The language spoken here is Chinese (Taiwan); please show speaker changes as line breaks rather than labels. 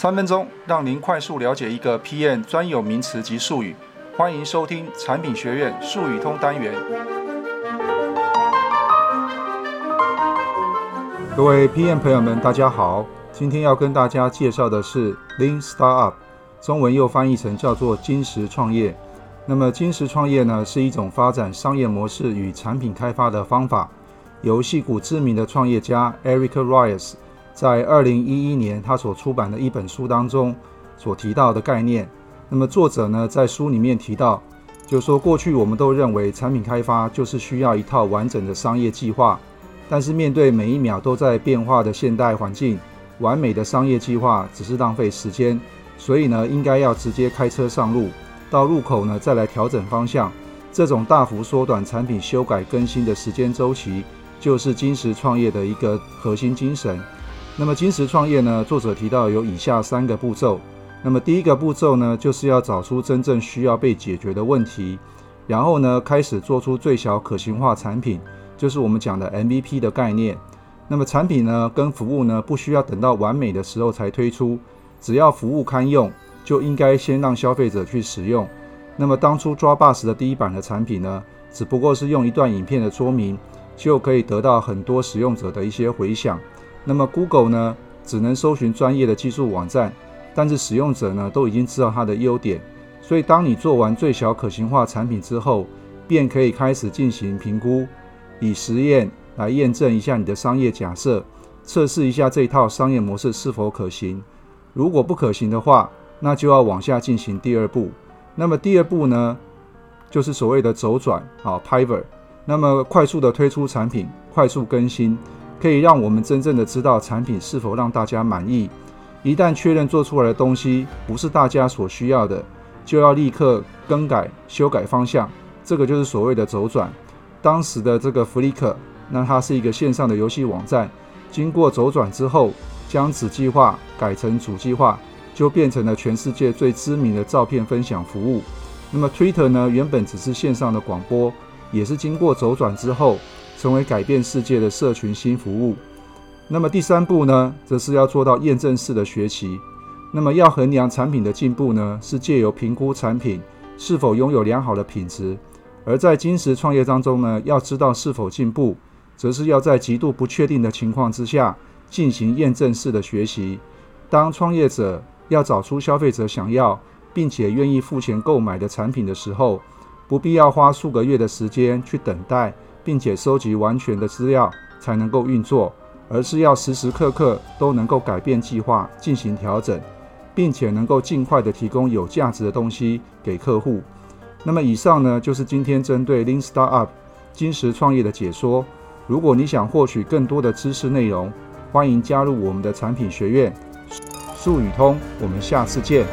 三分鐘讓您快速了解一個 PM 專有名詞及術語，歡迎收聽產品學院術語通單元。各位 PM 朋友們，大家好，今天要跟大家介紹的是 Lean Startup，中文又翻譯成叫做精實創業。那麼精實創業呢，是一種發展商業模式與產品開發的方法。由矽谷知名的創業家 Eric Ries，在二零一一年，他所出版的一本書當中所提到的概念。那麼作者呢，在書裡面提到，就是說過去我們都認為產品開發就是需要一套完整的商業計劃，但是面對每一秒都在變化的現代環境，完美的商業計劃只是浪費時間。所以呢，應該要直接開車上路，到路口呢再來調整方向。這種大幅縮短產品修改更新的時間週期，就是精實創業的一個核心精神。那麼精實創業呢？作者提到有以下三個步驟。那麼第一個步驟呢，就是要找出真正需要被解決的問題，然後呢，開始做出最小可行化產品，就是我們講的 MVP 的概念。那麼產品呢，跟服務呢，不需要等到完美的時候才推出，只要服務堪用，就應該先讓消費者去使用。那麼當初 Dropbox 的第一版的產品呢，只不過是用一段影片的說明，就可以得到很多使用者的一些迴響。那麼 Google 呢，只能搜尋專業的技術網站，但是使用者呢，都已經知道它的優點，所以當你做完最小可行化產品之後，便可以開始進行評估，以實驗來驗證一下你的商業假設，測試一下這一套商業模式是否可行。如果不可行的話，那就要往下進行第二步。那麼第二步呢，就是所謂的「軸轉」啊，Pivot，那麼快速的推出產品，快速更新。可以讓我們真正的知道產品是否讓大家滿意。一旦確認做出來的東西不是大家所需要的，就要立刻更改、修改方向。這個就是所謂的軸轉。當時的這個 Flickr，那它是一個線上的遊戲網站，經過軸轉之後，將子計劃改成主計劃，就變成了全世界最知名的照片分享服務。那麼 Twitter 呢，原本只是線上的廣播，也是經過軸轉之後。成為改變世界的社群新服務。那麼第三步呢，則是要做到驗證式的學習。那麼要衡量產品的進步呢，是借由評估產品是否擁有良好的品質。而在精實創業當中呢，要知道是否進步，則是要在極度不確定的情況之下進行驗證式的學習。當創業者要找出消費者想要並且願意付錢購買的產品的時候，不必要花數個月的時間去等待。並且收集完全的資料才能夠運作，而是要時時刻刻都能夠改變計劃，進行調整，並且能夠盡快的提供有價值的東西給客戶。那麼以上呢，就是今天針對 Lean Startup 精實創業的解說。如果你想獲取更多的知識內容，歡迎加入我們的產品學院術語通。我們下次見。